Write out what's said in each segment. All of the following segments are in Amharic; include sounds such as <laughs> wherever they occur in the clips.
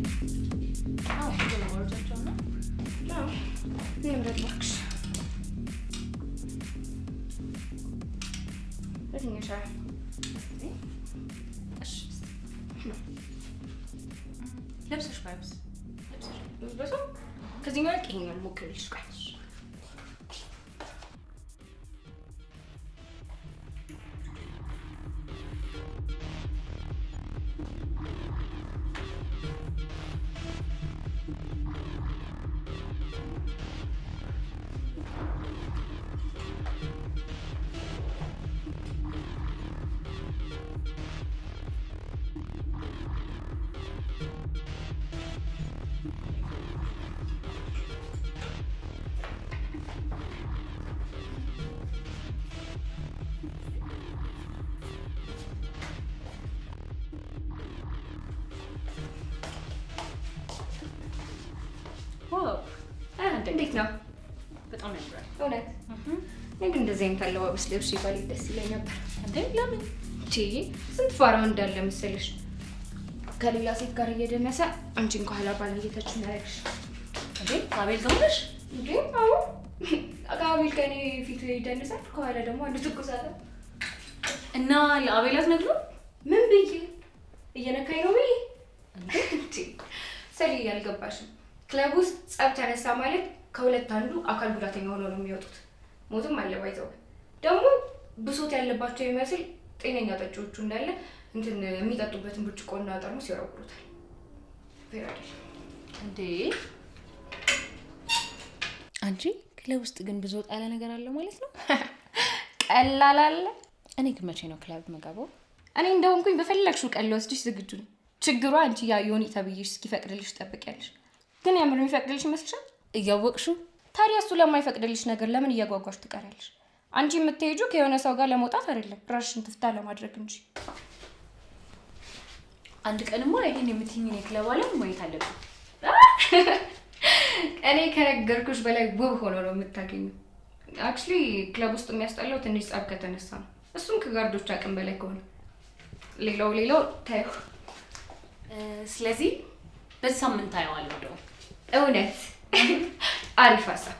ለብሰሽ ባይብስ ለብሰሽ በሰው ከዚህኛው ያልቅ ይሄኛል ሞክሪልሽ ቆይ እንዴት ነው? በጣም ያምራል እውነት። እንደዚህ አይነት አለባበስ ደስ ይለኝ ነበር። እንዴ ለምን እቺ ስንት እንዳለ መሰለሽ። ከሌላ ሴት ጋር እየደነሰ አንቺ እንኳን ባል እየተች ያለሽ እንዴ አቤል ዘውነሽ? እንዴ አዎ አቤል ከኔ ፊት ይደንሳል፣ ከኋላ ደግሞ አንዱ ትኩስ አለ እና ለአቤል አትነግሪው ምን ብዬ እየነካኝ ነው ብዬ እንዴ ክለብ ውስጥ ጸብ ተነሳ ማለት ከሁለት አንዱ አካል ጉዳተኛ ሆኖ ነው የሚወጡት። ሞትም አለ ባይዘው ደግሞ ብሶት ያለባቸው የሚመስል ጤነኛ ጠጪዎቹ እንዳለ እንትን የሚጠጡበትን ብርጭቆና ጠርሙስ ይወረውሩታል። እንዴ አንቺ ክለብ ውስጥ ግን ብዙ ጣለ ነገር አለ ማለት ነው። <laughs> ቀላል አለ። እኔ ግን መቼ ነው ክለብ መገባው? እኔ እንደሆንኩኝ በፈለግሽው ቀን ልወስድሽ ዝግጁ ነው። ችግሯ አንቺ ያ ዮኒ ተብዬሽ እስኪፈቅድልሽ ትጠብቂያለሽ። ግን የምር የሚፈቅድልሽ ይመስልሻል? እያወቅሽው ታዲያ እሱ ለማይፈቅድልሽ ነገር ለምን እያጓጓሽ ትቀሪያለሽ? አንቺ የምትሄጁ ከየሆነ ሰው ጋር ለመውጣት አይደለም፣ ራሽን ትፍታ ለማድረግ እንጂ። አንድ ቀንማ ይሄን የምትይኝን የክለብ ዓለም ማየት አለብን። እኔ ከነገርኩሽ በላይ ውብ ሆኖ ነው የምታገኘው። አክቹሊ ክለብ ውስጥ የሚያስጠላው ትንሽ ጸብ ከተነሳ ነው። እሱም ከጋርዶች አቅም በላይ ከሆነ ሌላው ሌላው ታዩ። ስለዚህ በዚህ ሳምንት ታየዋለሁ። እውነት <laughs> አሪፍ ሀሳብ።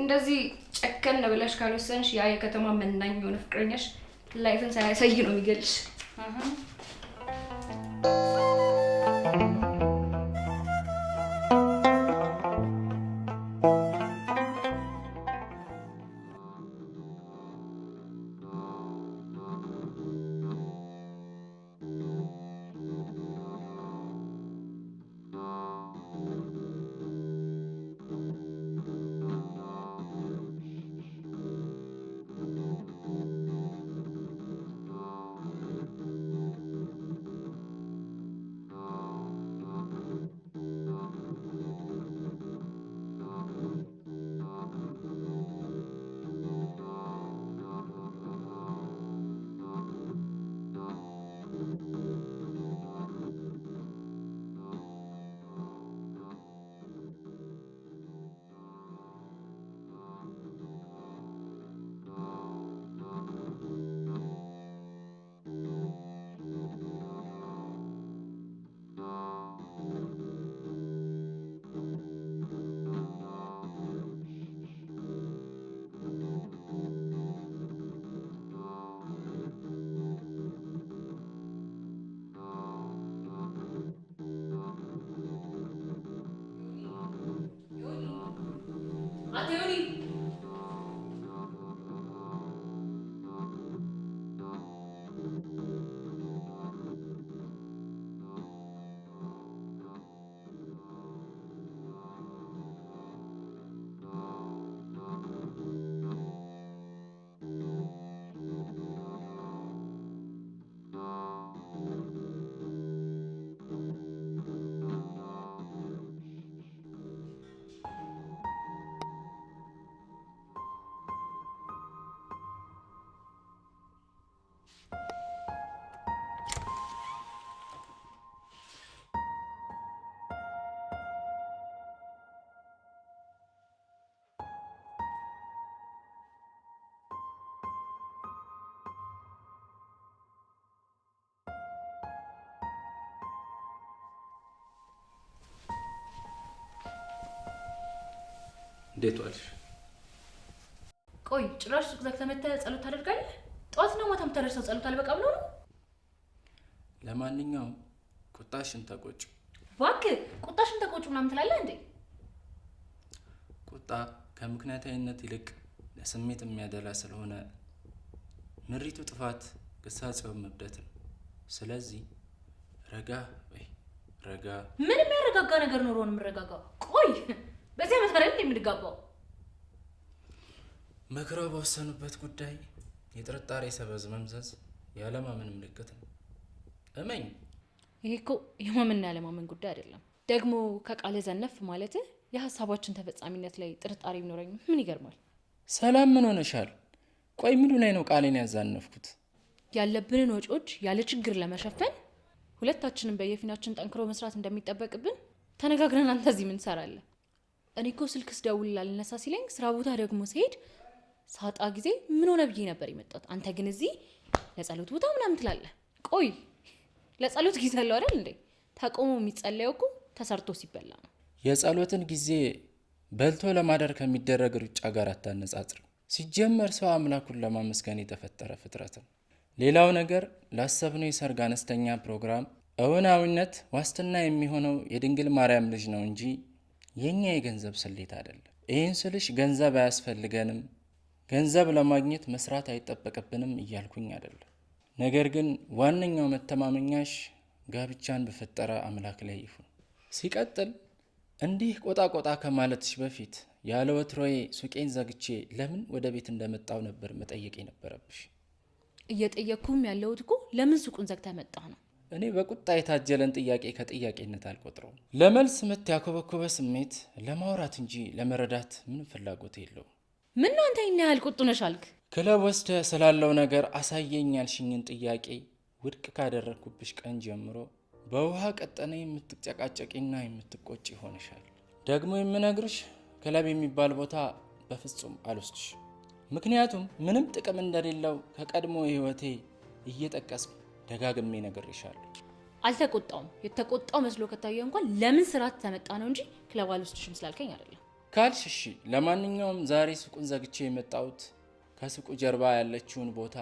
እንደዚህ ጨከን ብለሽ ካልወሰንሽ ያ የከተማ መናኝ የሆነ ፍቅረኛሽ ላይፍን ሳያሳይ ነው የሚገልሽ። እንዴት ዋልሽ? ቆይ ጭራሽ ሱቅ ዘግተህ መተህ ጸሎት ታደርጋለህ? ጠዋት ነው ማታም ተደርሰው ጸሎት አልበቃ ብሎ ነው። ለማንኛውም ቁጣሽን ተቆጭ እባክህ። ቁጣሽን ተቆጭ ምናምን ትላለህ እንዴ? ቁጣ ከምክንያታዊነት ይልቅ ለስሜት የሚያደላ ስለሆነ ምሪቱ ጥፋት ግሳጼውን መብደት ነው። ስለዚህ ረጋ ወይ ረጋ። ምንም ያረጋጋ ነገር ኖሮን የምረጋጋው ቆይ በዚህ ዓመት አይደል የምንጋባው? መክረው በወሰኑበት ጉዳይ የጥርጣሬ ሰበዝ መምዘዝ ያለማመን ምልክት ነው። እመኝ፣ ይሄ እኮ የማመንና ያለማመን ጉዳይ አይደለም። ደግሞ ከቃለ ዘነፍ ማለት የሀሳባችን ተፈጻሚነት ላይ ጥርጣሬ ቢኖረኝ ምን ይገርማል? ሰላም፣ ምን ሆነሻል? ቆይ ምኑ ላይ ነው ቃሌን ያዛነፍኩት? ያለብንን ወጪዎች ያለ ችግር ለመሸፈን ሁለታችንም በየፊናችን ጠንክሮ መስራት እንደሚጠበቅብን ተነጋግረን አንተ እዚህ ምን ትሰራለህ? እኔ እኮ ስልክ ስደውል ላልነሳ ሲለኝ ስራ ቦታ ደግሞ ስሄድ ሳጣ ጊዜ ምን ሆነ ብዬ ነበር የመጣሁት። አንተ ግን እዚህ ለጸሎት ቦታ ምናምን ትላለህ። ቆይ ለጸሎት ጊዜ አለው አይደል እንዴ? ተቆሞ የሚጸለየው እኮ ተሰርቶ ሲበላ ነው። የጸሎትን ጊዜ በልቶ ለማደር ከሚደረግ ሩጫ ጋር አታነጻጽር። ሲጀመር ሰው አምላኩን ለማመስገን የተፈጠረ ፍጥረት ነው። ሌላው ነገር ላሰብነው የሰርግ አነስተኛ ፕሮግራም እውናዊነት ዋስትና የሚሆነው የድንግል ማርያም ልጅ ነው እንጂ የእኛ የገንዘብ ስሌት አይደለም። ይህን ስልሽ ገንዘብ አያስፈልገንም፣ ገንዘብ ለማግኘት መስራት አይጠበቅብንም እያልኩኝ አይደለም። ነገር ግን ዋነኛው መተማመኛሽ ጋብቻን በፈጠረ አምላክ ላይ ይሁን። ሲቀጥል እንዲህ ቆጣ ቆጣ ከማለትሽ በፊት ያለ ወትሮዬ ሱቄን ዘግቼ ለምን ወደ ቤት እንደመጣው ነበር መጠየቅ የነበረብሽ። እየጠየቅኩም ያለሁት እኮ ለምን ሱቁን ዘግተ መጣ ነው። እኔ በቁጣ የታጀለን ጥያቄ ከጥያቄነት አልቆጥረውም። ለመልስ ምት ያኮበኮበ ስሜት ለማውራት እንጂ ለመረዳት ምንም ፍላጎት የለው ምን አንተ ይህን ያህል ቁጡ ነሽ አልክ? ክለብ ወስደ ስላለው ነገር አሳየኝ ያልሽኝን ጥያቄ ውድቅ ካደረግኩብሽ ቀን ጀምሮ በውሃ ቀጠነ የምትጨቃጨቂና የምትቆጭ ይሆንሻል። ደግሞ የምነግርሽ ክለብ የሚባል ቦታ በፍጹም አልወስድሽ። ምክንያቱም ምንም ጥቅም እንደሌለው ከቀድሞ ህይወቴ እየጠቀስኩ ደጋግሜ ነግሬሻለሁ። አልተቆጣውም። የተቆጣው መስሎ ከታየ እንኳን ለምን ስርዓት ተመጣ ነው እንጂ ክለብ አልወስድሽም ስላልከኝ አይደለም። ካልሽ እሺ። ለማንኛውም ዛሬ ሱቁን ዘግቼ የመጣሁት ከሱቁ ጀርባ ያለችውን ቦታ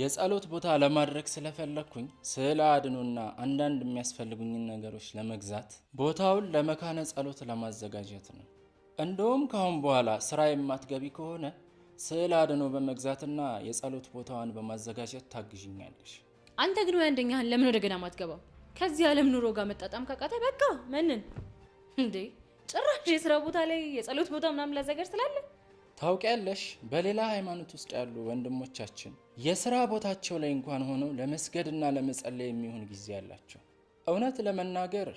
የጸሎት ቦታ ለማድረግ ስለፈለግኩኝ ስዕል አድኖና አንዳንድ የሚያስፈልጉኝን ነገሮች ለመግዛት ቦታውን ለመካነ ጸሎት ለማዘጋጀት ነው። እንደውም ካሁን በኋላ ስራ የማትገቢ ከሆነ ስዕል አድኖ በመግዛትና የጸሎት ቦታዋን በማዘጋጀት ታግዥኛለሽ። አንተ ግን ወይ አንደኛህን ለምን ወደ ገዳም አትገባም? ከዚህ ዓለም ኑሮ ጋር መጣጣም ካቃተ በቃ መንን እንዴ ጭራሽ የስራ ቦታ ላይ የጸሎት ቦታ ምናምን ላዘጋጅ ስላለ ታውቂያለሽ፣ በሌላ ሃይማኖት ውስጥ ያሉ ወንድሞቻችን የስራ ቦታቸው ላይ እንኳን ሆነው ለመስገድና ለመጸለይ የሚሆን ጊዜ ያላቸው። እውነት ለመናገር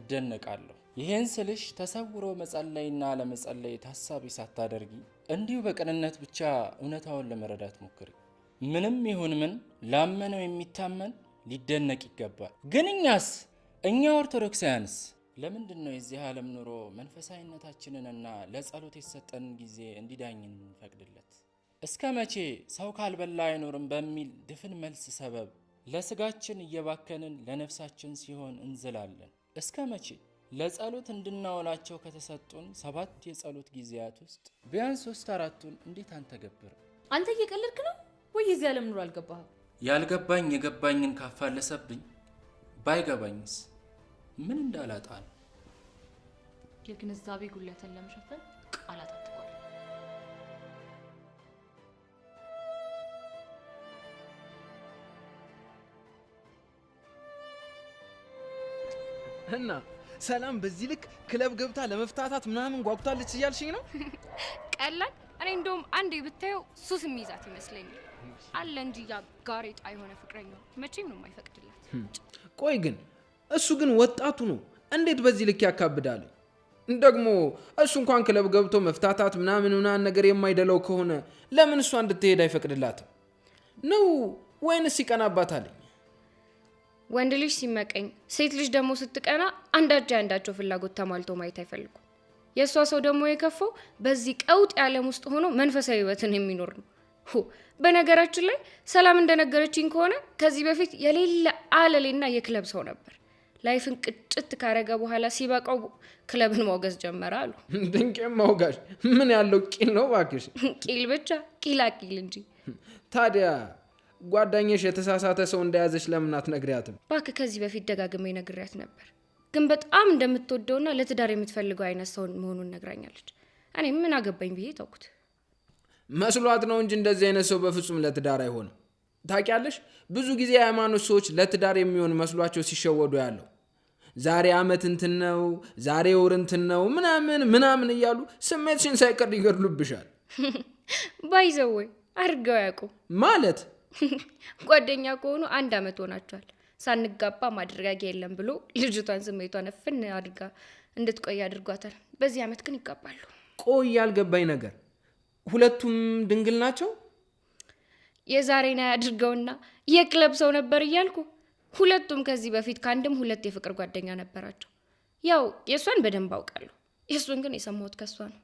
እደነቃለሁ። ይህን ስልሽ ተሰውሮ መጸለይና ለመጸለይ ታሳቢ ሳታደርጊ እንዲሁ በቅንነት ብቻ እውነታውን ለመረዳት ሞክሪ። ምንም ይሁን ምን ላመነው የሚታመን ሊደነቅ ይገባል። ግን እኛስ እኛ ኦርቶዶክሳውያንስ ለምንድን ነው የዚህ ዓለም ኑሮ መንፈሳዊነታችንንና ለጸሎት የተሰጠንን ጊዜ እንዲዳኝን እንፈቅድለት? እስከ መቼ ሰው ካልበላ አይኖርም በሚል ድፍን መልስ ሰበብ ለስጋችን እየባከንን ለነፍሳችን ሲሆን እንዝላለን። እስከ መቼ ለጸሎት እንድናውላቸው ከተሰጡን ሰባት የጸሎት ጊዜያት ውስጥ ቢያንስ ሶስት አራቱን እንዴት አንተገብር? አንተ እየቀለድክ ነው። ወይ እዚህ ዓለም ኑሮ አልገባህም? ያልገባኝ የገባኝን ካፋለሰብኝ ባይገባኝስ ምን እንዳላጣ ነው። የግንዛቤ ጉለትን ለመሸፈን ቃላት አጥቷል። እና ሰላም በዚህ ልክ ክለብ ገብታ ለመፍታታት ምናምን ጓጉታለች እያልሽኝ ነው? ቀላል እኔ እንደውም አንዴ ብታየው ሱስ የሚይዛት ይመስለኛል። አለ እንጂ ያ ጋሬጣ የሆነ ፍቅረኛው መቼም ነው የማይፈቅድላት። hm። ቆይ ግን እሱ ግን ወጣቱ ነው፣ እንዴት በዚህ ልክ ያካብዳል? ደግሞ እሱ እንኳን ክለብ ገብቶ መፍታታት ምናምን ምናምን ነገር የማይደለው ከሆነ ለምን እሷ እንድትሄድ አይፈቅድላትም ነው ወይንስ ይቀናባታል? ወንድ ልጅ ሲመቀኝ፣ ሴት ልጅ ደግሞ ስትቀና አንዳቸው የአንዳቸው ፍላጎት ተሟልቶ ማየት አይፈልጉ። የእሷ ሰው ደግሞ የከፋው በዚህ ቀውጥ ያለም ውስጥ ሆኖ መንፈሳዊ ህይወትን የሚኖር ነው። በነገራችን ላይ ሰላም እንደነገረችኝ ከሆነ ከዚህ በፊት የሌለ አለሌና የክለብ ሰው ነበር። ላይፍን ቅጭት ካረገ በኋላ ሲበቃው ክለብን ማውገዝ ጀመረ አሉ። ድንቄ ማውጋሽ ምን ያለው ቂል ነው እባክሽ። ቂል ብቻ ቂላ ቂል እንጂ። ታዲያ ጓደኛሽ የተሳሳተ ሰው እንደያዘች ለምን አትነግሪያትም? እባክህ ከዚህ በፊት ደጋግሜ ነግሪያት ነበር። ግን በጣም እንደምትወደውና ለትዳር የምትፈልገው አይነት ሰው መሆኑን ነግራኛለች። እኔ ምን አገባኝ ብዬ ተውኩት። መስሏት ነው እንጂ እንደዚህ አይነት ሰው በፍጹም ለትዳር አይሆንም። ታውቂያለሽ፣ ብዙ ጊዜ የሃይማኖት ሰዎች ለትዳር የሚሆን መስሏቸው ሲሸወዱ ያለው ዛሬ አመት እንትን ነው፣ ዛሬ ወር እንትን ነው ምናምን ምናምን እያሉ ስሜትሽን ሳይቀር ይገድሉብሻል። <laughs> ባይዘወይ አድርገው ያውቁ ማለት <laughs> ጓደኛ ከሆኑ አንድ አመት ሆናቸዋል። ሳንጋባ ማድረጋጊያ የለም ብሎ ልጅቷን ስሜቷን እፍን አድርጋ እንድትቆይ አድርጓታል። በዚህ ዓመት ግን ይጋባሉ። ቆይ ያልገባኝ ነገር ሁለቱም ድንግል ናቸው። የዛሬን አያድርገውና የክለብ ሰው ነበር እያልኩ ሁለቱም ከዚህ በፊት ከአንድም ሁለት የፍቅር ጓደኛ ነበራቸው። ያው የእሷን በደንብ አውቃለሁ፣ የእሱን ግን የሰማሁት ከእሷ ነው።